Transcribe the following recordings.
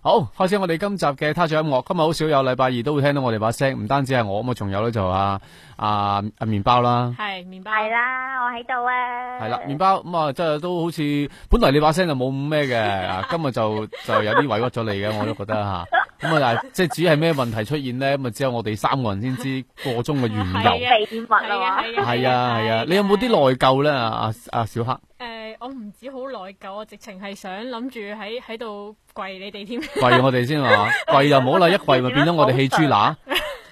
好，開始我哋今集嘅他唱音樂。今日好少有，禮拜二都會聽到我哋把聲，唔單止係我，咁啊，仲有咧就啊啊麵包啦，係麵包啦，啊，我喺度啊，係啦，麵包咁啊，即、嗯、係都好似本來你把聲就冇咩嘅， 今日就就有啲委屈咗你嘅， 我都覺得吓，咁啊，即係至於係咩問題出現呢？咁啊，只有我哋三個人先知個中嘅緣由秘係啊係啊，你有冇啲內疚咧？啊阿小黑。嗯我唔止好內疚，我直情係想諗住喺喺度跪你哋添，跪我哋先係嘛，跪就冇好啦，一跪咪變咗我哋棄豬乸，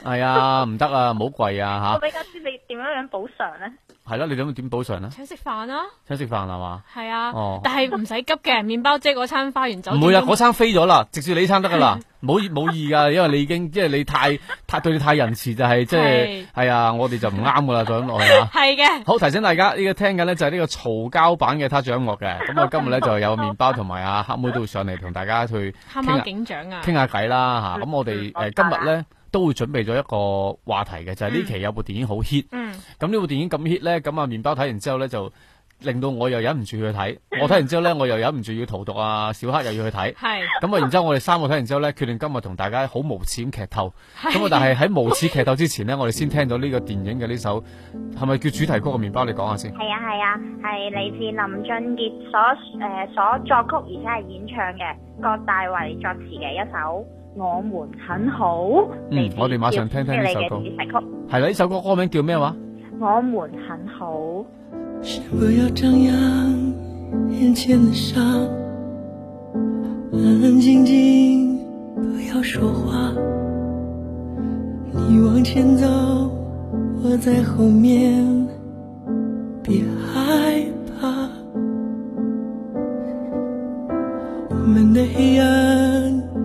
係啊，唔得啊，唔好跪啊吓！我俾家姐你點樣樣補償咧？係啦，你想點補償咧？請食飯啊！請食飯係嘛？係啊，哦、但係唔使急嘅，麵包即係嗰餐花完就唔會啊，嗰餐飛咗啦，直接你呢餐得噶啦，冇冇意噶，因為你已經即係你太 太對你太仁慈，就係即係，係啊，我哋就唔啱噶啦，再咁落去啊！係嘅。好提醒大家，呢個聽緊呢就係呢個嘈交版嘅他掌樂嘅，咁我今日咧就有麵包同埋阿黑妹都會上嚟，同大家去 聊。黑貓警長啊！傾下偈啦吓，咁我哋誒今日咧，都會準備咗一個話題嘅，就係、是，呢期有部電影好 hit，咁呢部電影咁 hit 咧，咁啊麵包睇完之後咧就令到我又忍唔住去睇，嗯，我睇完之後咧 我又忍唔住要荼毒啊小黑又要去睇，咁啊然之後我哋三個睇完之後咧，決定今日同大家好無恥劇透，咁啊但係喺無恥劇透之前呢，我哋先聽到呢個電影嘅呢首係咪叫主題曲嘅麵包？你講下先。係啊係啊，係嚟自林俊傑所誒、呃、所作曲而且係演唱嘅，郭大為作詞嘅一首。我們很好。嗯，我哋馬上聽聽呢首歌。係啦，呢首歌歌名叫咩話？我們很好。不要張揚眼前的傷，安安靜靜不要說話。你往前走，我在後面，別害怕。我們的黑暗。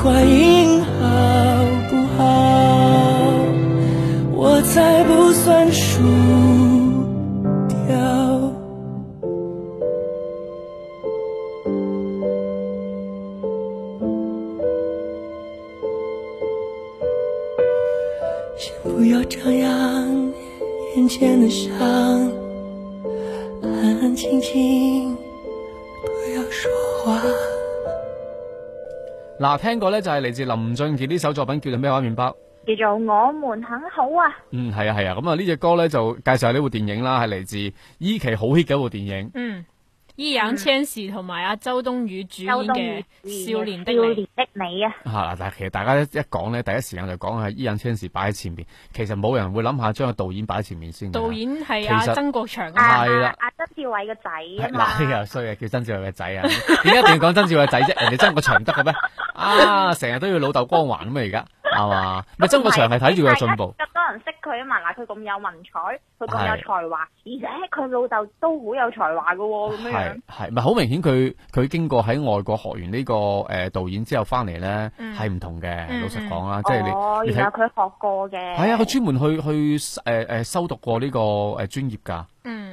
快贏好不好？我才不算輸。嗱，聽過咧就係嚟自林俊傑呢首作品，叫做咩話麵包？叫做我們很好啊。嗯，係啊係啊，咁啊呢隻、嗯、歌咧就介紹下呢部電影啦，係嚟自依期好 hit 嘅一部電影。嗯。伊烊千璽同埋阿周冬雨主演嘅《少年的你、嗯》啊，吓嗱！但係其實大家一講咧，第一時間就講係伊烊千璽擺喺前面，其實冇人會諗下將個導演擺喺前面先。導演係阿、啊、曾國祥啊，係啦，阿曾志偉個仔啊嘛。係啊，衰啊，叫曾志偉個仔啊，點 解一定要講曾志偉個仔啫？ 人哋曾國祥唔得嘅咩？啊，成日都要老豆光環咁啊！而家。係嘛？咪曾國祥係睇住佢嘅進步。咁多人識佢啊嘛，嗱，佢咁有文采，佢咁有才華，而且佢老豆都好有才華嘅喎。係係，好明顯佢？佢佢經過喺外國學完呢個誒導演之後翻嚟咧，係、嗯、唔同嘅、嗯。老實講啦，即、就、係、是、你原來佢學過嘅。係啊，佢專門去去誒誒修讀過呢、這個誒、呃、專業㗎。嗯。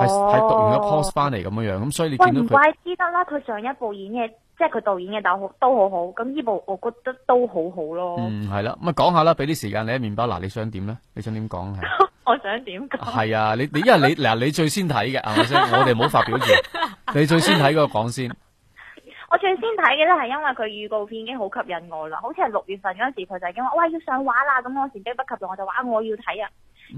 係係讀完咗 post 班嚟咁樣樣，咁所以你見唔怪之得啦。佢上一部演嘅，即係佢導演嘅，大學都好好。咁呢部我覺得都好好咯。嗯，係啦，咁啊講下啦，俾啲時間你。喺麵包，嗱，你想點咧？你想點講？我想點講？係啊，你你因為你嗱，你最先睇嘅係咪先？我哋冇發發表住。 你最先睇個講先。 我最先睇嘅咧，係因為佢預告片已經好吸引我啦。好似係六月份嗰陣時，佢就已經話：喂，要上畫啦！咁我前機不及用，就我就話：我要睇啊！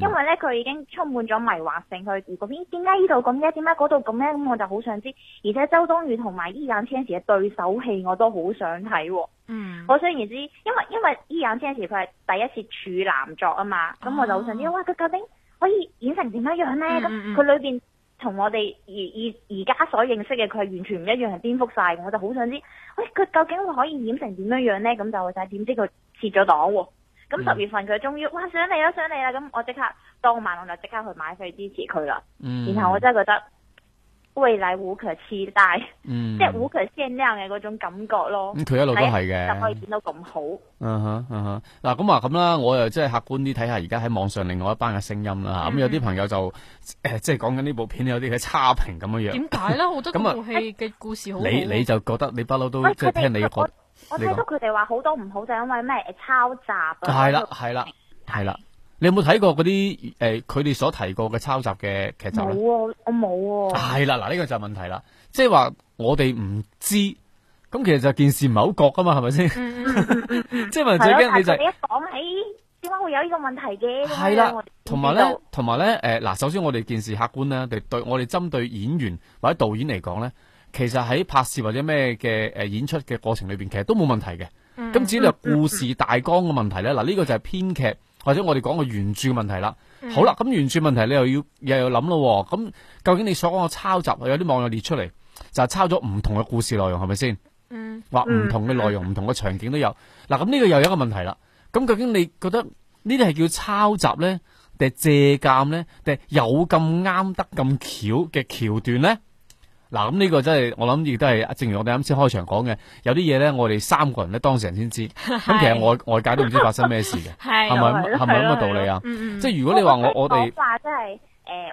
因為咧佢已經充滿咗迷惑性，佢嗰邊點解呢度咁咧？點解嗰度咁咧？咁我就好想知，而且周冬雨同埋易烊千璽嘅對手戲，我都好想睇、哦。嗯。我雖然知，因為因為易烊千璽佢係第一次處男作啊嘛，咁、哦、我就好想知，哇佢究竟可以演成點樣樣咧？咁、嗯、佢、嗯嗯、裏邊同我哋而而而家所認識嘅佢係完全唔一樣，係顛覆晒，我就好想知，喂、哎、佢究竟會可以演成點樣樣咧？咁就係點點知佢切咗檔喎。咁十月份佢終於哇，上嚟啦，上嚟啦，咁我即刻當晚我就即刻去買飛支持佢啦。嗯，然後我真係覺得，喂！未來無可期待，嗯，即係無可限量嘅嗰種感覺咯。咁佢一路都係嘅，就可以見到咁好。嗯哼嗯哼，嗱咁啊咁啦，我又即係客觀啲睇下而家喺網上另外一班嘅聲音啦嚇。咁有啲朋友就誒即係講緊呢部片有啲嘅差評咁樣樣。點解咧？好多套戲嘅故事好。你你就覺得你不嬲都即係聽你嘅講。說我睇到佢哋話好多唔好就係因為咩抄襲啊，係啦係啦係啦，你有冇睇過嗰啲誒佢哋所提過嘅抄襲嘅劇集咧？冇啊，我冇啊。係啦，嗱呢個就係問題啦，即係話我哋唔知，咁其實就件事唔係好覺噶嘛，係咪先？即係話自己你就講起，點解會有呢個問題嘅？係啦，同埋咧，同埋咧，誒、呃、嗱，首先我哋件事客觀咧，對對我哋針對演員或者導演嚟講咧。其實喺拍攝或者咩嘅誒演出嘅過程裏邊，其實都冇問題嘅。咁、嗯、至於你故事大綱嘅問題咧，嗱、嗯、呢、呢個就係編劇或者我哋講嘅原著嘅問題啦、嗯。好啦，咁原著問題你又要又要諗咯。咁究竟你所講嘅抄襲，有啲網友列出嚟就係、是、抄咗唔同嘅故事內容，係咪先？話、嗯、唔同嘅內容，唔、嗯、同嘅場景都有。嗱、嗯，咁呢個又有一個問題啦。咁究竟你覺得呢啲係叫抄襲咧，定係借鑒咧，定係有咁啱得咁巧嘅橋段咧？嗱，咁呢個真係，我諗亦都係，正如我哋啱先開場講嘅，有啲嘢咧，我哋三個人咧，當事人先知，咁其實外外界都唔知發生咩事嘅，係咪咁？係咪咁嘅道理啊、嗯？即係如果你話我我咪，話即係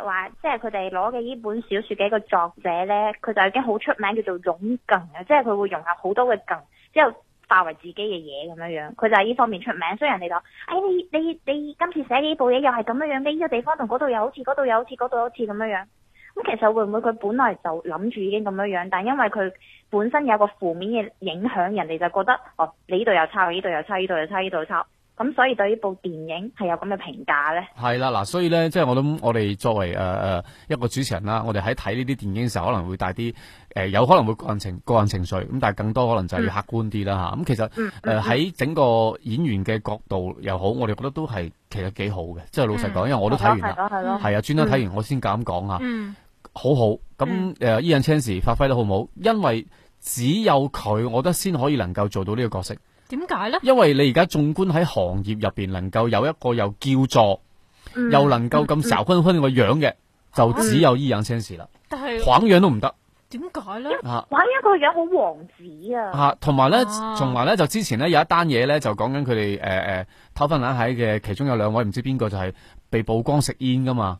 誒，話即係佢哋攞嘅呢本小說嘅一個作者咧，佢就已經好出名，叫做融梗嘅，即係佢會融合好多嘅梗，之後化為自己嘅嘢咁樣樣，佢就係呢方面出名，所以人哋就，哎，你你你，你今次寫呢部嘢又係咁樣樣呢、這個地方同嗰度又好似，嗰度又好似，嗰度好似咁樣樣。咁其實會唔會佢本來就諗住已經咁樣樣，但因為佢本身有個負面嘅影響，人哋就覺得哦，你呢度又差，呢度又差，呢度又差，呢度又差。這裡有咁所以對呢部電影係有咁嘅評價咧？係啦，嗱，所以咧，即係我諗，我哋作為誒、呃、一個主持人啦，我哋喺睇呢啲電影嘅時候，可能會帶啲、呃、有可能會個人情個人情緒，咁但係更多可能就係要客觀啲啦嚇。咁、嗯啊、其實喺、嗯呃、整個演員嘅角度又好，嗯、我哋覺得都係其實幾好嘅，即、就、係、是、老實講、嗯，因為我都睇完啦，係啊，專登睇完我先敢講嚇、嗯，好好。咁誒，易、嗯、烊千璽發揮得好唔好？因為只有佢，我覺得先可以能夠做到呢個角色。點解咧？因為你而家縱觀喺行業入邊，能夠有一個又叫座、嗯，又能夠咁姣坤坤個樣嘅、嗯嗯，就只有易烊千璽啦。但係狂樣都唔得。點解咧？狂樣個樣好王子啊！吓、啊，同埋咧，同埋咧，就之前咧，有一單嘢咧，就講緊佢哋誒誒偷翻冷蟹嘅，其中有兩位唔知邊個就係被曝光食煙噶嘛。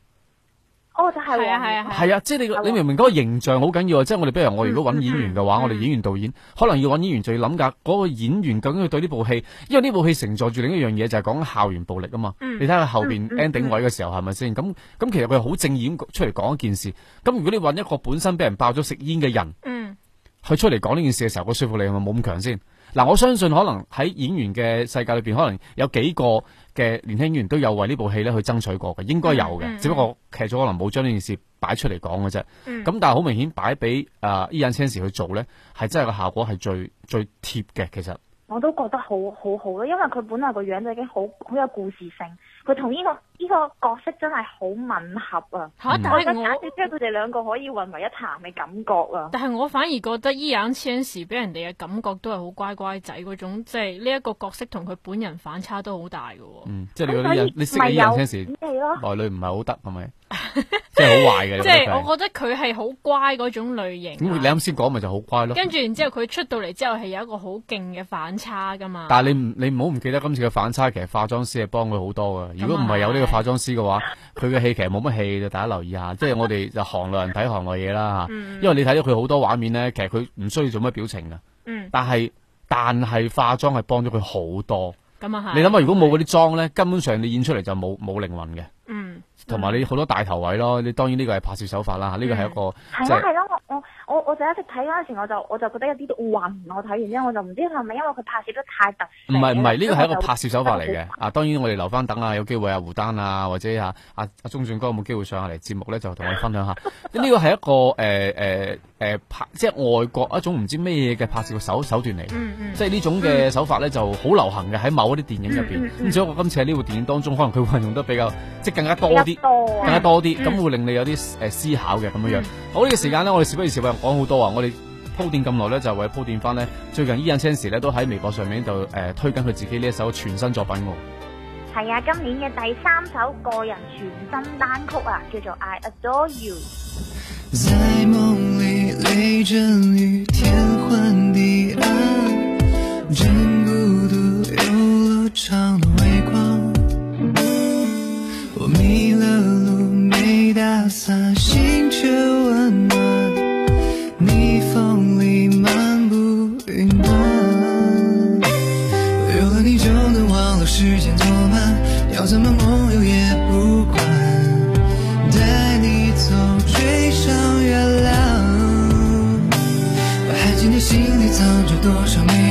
哦，就係、是、啊，係啊，係啊，啊，啊，啊，即係你，你明唔明嗰、那個形象好緊要啊！即係我哋，比如我如果搵演員嘅話，嗯、我哋演員導演、嗯、可能要搵演員，就要諗噶嗰個演員究竟佢對呢部戲，因為呢部戲承載住另一樣嘢，就係講校園暴力啊嘛。你睇下後邊 ending 位嘅時候係咪先？咁咁其實佢好正義，咁出嚟講一件事。咁、就是嗯嗯嗯、如果你搵一個本身俾人爆咗食煙嘅人，嗯，去出嚟講呢件事嘅時候，個說服力係咪冇咁強先？嗱，我相信可能喺演員嘅世界裏邊，可能有幾個。嘅年輕演員都有為呢部戲咧去爭取過嘅，應該有嘅、嗯嗯，只不過劇組可能冇將呢件事擺出嚟講嘅啫。咁、嗯、但係好明顯擺俾誒易烊千璽去做咧，係真係個效果係最最貼嘅。其實我都覺得好好好啦，因為佢本來個樣就已經好好有故事性。佢同呢個依、這個角色真係好吻合啊，啊但是我！我覺得假設即係佢哋兩個可以混為一談嘅感覺啊！但係我反而覺得易烊千璽俾人哋嘅感覺都係好乖乖仔嗰種，即係呢一個角色同佢本人反差都好大嘅、啊。嗯，即係你個人、嗯，你識易烊千璽內裏唔係好得係咪？即係好壞嘅，即、就、係、是、我覺得佢係好乖嗰種類型。你啱先講咪就好乖咯。跟住然後之後佢出到嚟之後係有一個好勁嘅反差噶嘛。但係你唔你唔好唔記得今次嘅反差，其實化妝師係幫佢好多噶。如果唔係有呢個化妝師嘅話，佢嘅戲其實冇乜戲。大家留意下，即 係我哋就行內人睇行內嘢啦吓、嗯。因為你睇咗佢好多畫面呢，其實佢唔需要做乜表情噶、嗯。但係但係化妝係幫咗佢好多。咁、嗯、你諗下如果冇嗰啲妝呢， 根本上你演出嚟就冇冇靈魂嘅。嗯，同、嗯、埋你好多大頭位咯，你當然呢個係拍攝手法啦。吓，呢個係一個，係啊係咯，我。我我第一直睇嗰陣時，我就我就，我就覺得有啲啲暈。我睇完之後，我就唔知係咪因為佢拍攝得太特殊。唔係唔係，呢個係一個拍攝手法嚟嘅 啊，當然我哋留翻等啊，有機會阿胡丹啊，或者啊阿阿鍾俊哥有冇機會上下嚟節目咧，就同我哋分享下。呢個係一個誒誒誒拍，即係外國一種唔知咩嘢嘅拍攝手手段嚟，嗯。即係呢種嘅手法咧，嗯，就好流行嘅喺某一啲電影入邊。所、嗯、以、嗯嗯、我今次喺呢部電影當中，可能佢運用得比較即係更加多啲，啊，更加多啲，咁、嗯、會令你有啲誒、呃、思考嘅咁樣樣、嗯。好呢、呢個時間咧，我哋時不時啊～講好多啊！我哋鋪墊咁耐咧，就為鋪墊翻咧，最近易烊千璽咧都喺微博上面就誒、呃、推緊佢自己呢一首全新作品㗎。係啊，今年嘅第三首個人全新單曲啊，叫做 I Adore You。在多少年？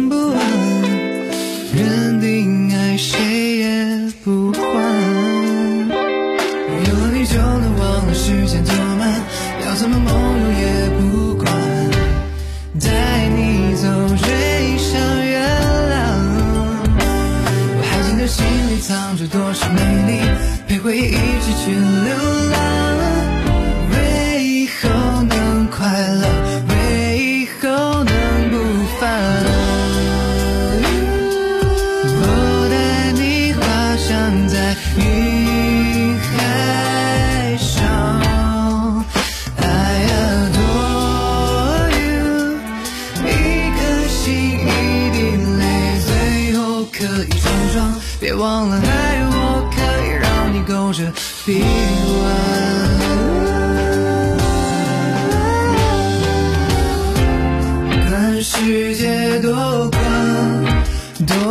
還會一起去流浪。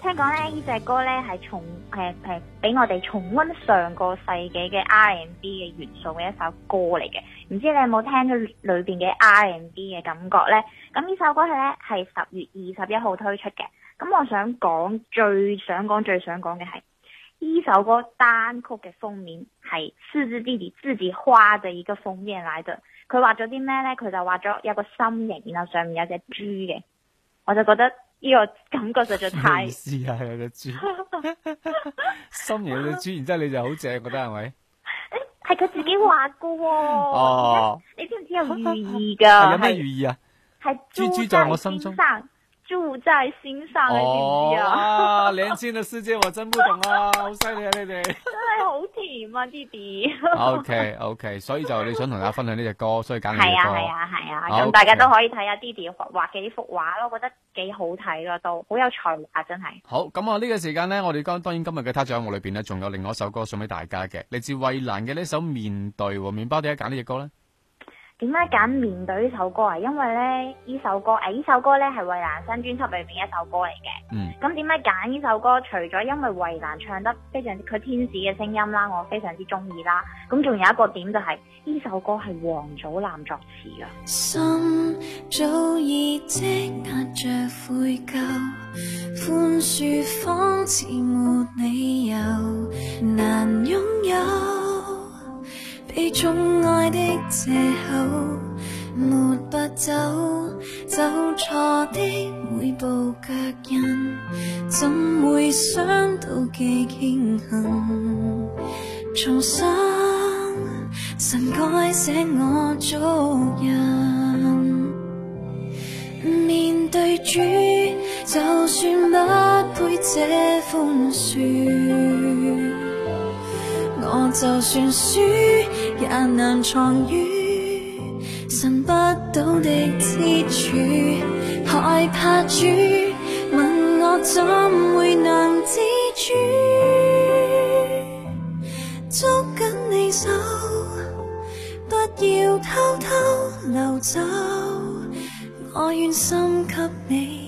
聽講咧，這歌呢隻歌咧係重誒誒，俾我哋重温上個世紀嘅 R&B 嘅元素嘅一首歌嚟嘅。唔知你有冇聽到裏邊嘅 R&B 嘅感覺咧？咁呢首歌係咧係十月二十一號推出嘅。咁我想講最想講最想講嘅係呢首歌單曲嘅封面係 Suzi Didi 自己畫嘅一個封面嚟嘅。佢畫咗啲咩咧？佢就畫咗有個心形，然後上面有隻豬嘅。我就覺得。呢、這個感覺實在太、啊，心意嘅豬，然之後你就好正，覺得係咪？係佢自己畫嘅、哦，哦， 你知唔知有寓意噶？有咩寓意啊？係豬豬在我心中。 住在心上，弟弟，哦、啊！年輕的師姐，我真不懂啊， 好犀利啊，你哋，真係好甜啊， 弟弟。O K O K，所以就你想同大家分享呢隻歌，所以揀呢隻歌。係啊係啊係啊，咁、啊啊 okay。大家都可以睇下 Didi 畫幾幅畫咯，覺得幾好睇咯，都好有才華，真係。好，咁啊呢個時間咧，我哋剛當然今日嘅他在我裏邊咧，仲有另外一首歌送俾大家嘅，嚟自衛蘭嘅呢首《面對》。麵包點解揀呢隻歌咧？點解揀面對呢首歌啊？因為咧呢這首歌，誒、啊、呢首歌咧係衛蘭新專輯入面一首歌嚟嘅。嗯。咁點解揀呢首歌？除咗因為衛蘭唱得非常之佢天使嘅聲音啦，我非常之中意啦。咁仲有一個點就係、是、呢首歌係王祖藍作詞嘅。你寵愛的借口沒不走，走錯的每步腳印，怎會想到記怨恨？重生，神改寫我足印，面對主，就算不配這封信。我就算輸，也難藏於神不到的之處，害怕主問我怎會能自主，捉緊你手，不要偷偷溜走，我願心給你。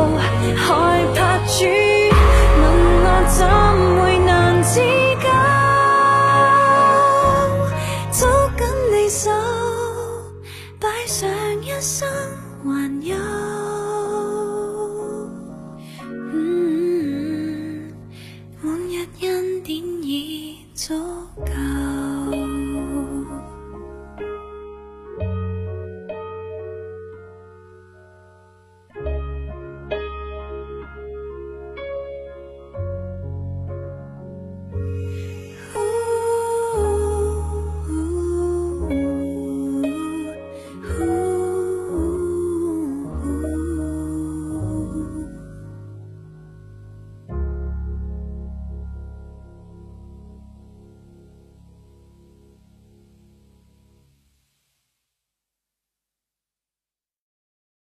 足夠。